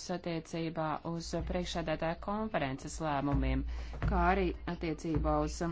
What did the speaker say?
principus attiecībā uz priekšsēdētāja konferences lēmumiem, kā arī attiecībā uz